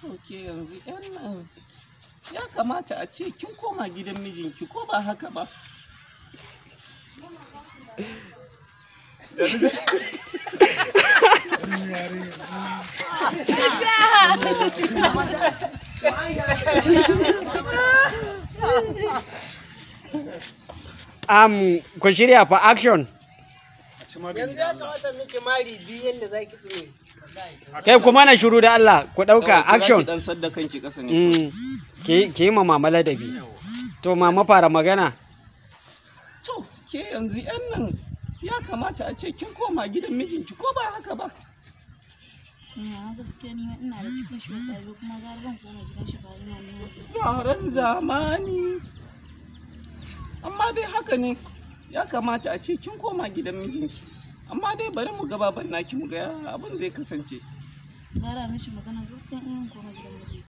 to yanzu yan nan ya kamata a ce kin koma gidan mijinki ko ba haka ba um, ku shirya fa action Yanzu ya kamata miki mari biyu yadda za ki tsine. Kai kuma na shiru da Allah ku ɗauka action. Ki dan sadda kanki ƙasa ne. Mm. Ki yi ma mama ladabi. To mama fara magana. To ke yanzu yan nan ya kamata a ce kin koma gidan mijinki ko ba haka ba. Mm, ina da cikin kuma na Yaran zamani. Amma dai haka ne. ya kamata a ce kin koma gidan mijinki amma dai bari mu gaba ban naki mu ga abin zai kasance gara mishi maganar gaskiya in koma gidan mijinki.